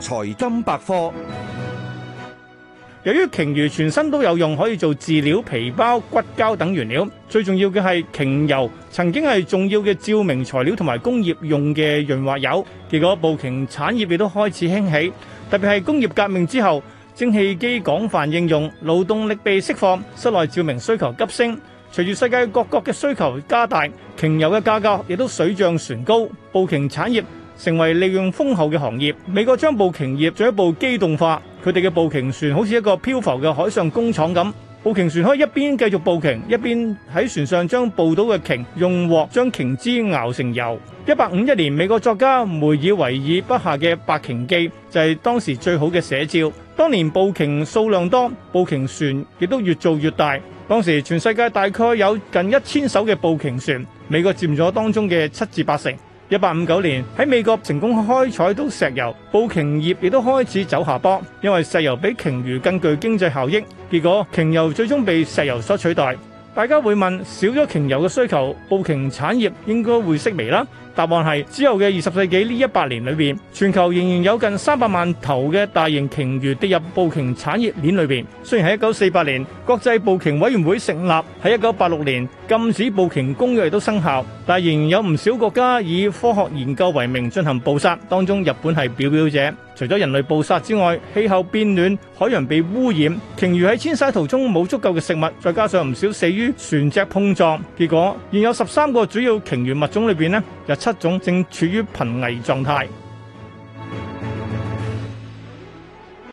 財金百科。由於鯨魚全身都有用，可以做飼料、皮包、骨膠等原料。最重要嘅係鯨油，曾經係重要嘅照明材料同埋工業用嘅潤滑油。結果捕鯨產業亦都開始興起，特別係工業革命之後，蒸汽機廣泛應用，勞動力被釋放，室內照明需求急升。隨住世界各國嘅需求加大，鯨油嘅價格亦都水漲船高，捕鯨產業成為利潤豐厚嘅行業，美國將捕鯨業進一步機動化，佢哋嘅捕鯨船好似一個漂浮嘅海上工廠咁。捕鯨船可以一邊繼續捕鯨，一邊喺船上將捕到嘅鯨用鑊將鯨脂熬成油。一八五一年，美國作家梅爾維爾筆下嘅《白鯨記》就係、是、當時最好嘅寫照。當年捕鯨數量多，捕鯨船亦都越做越大。當時全世界大概有近一千艘嘅捕鯨船，美國佔咗當中嘅七至八成。一八五九年喺美國成功開採到石油，捕鯨業亦都開始走下坡，因為石油比鯨魚更具經濟效益。結果鯨油最終被石油所取代。大家會問，少咗鯨油嘅需求，捕鯨產業應該會式微啦。答案係，之後嘅二十世紀呢一百年裏邊，全球仍然有近三百萬頭嘅大型鯨魚跌入捕鯨產業鏈裏邊。雖然喺一九四八年國際捕鯨委員會成立，喺一九八六年禁止捕鯨公約亦都生效，但仍然有唔少國家以科學研究為名進行捕殺，當中日本係表表者。除咗人類捕殺之外，氣候變暖、海洋被污染，鯨魚喺遷徙途中冇足夠嘅食物，再加上唔少死於船隻碰撞，結果仍有十三個主要鯨魚物種裏邊呢，有七。一種正處於瀕危狀態。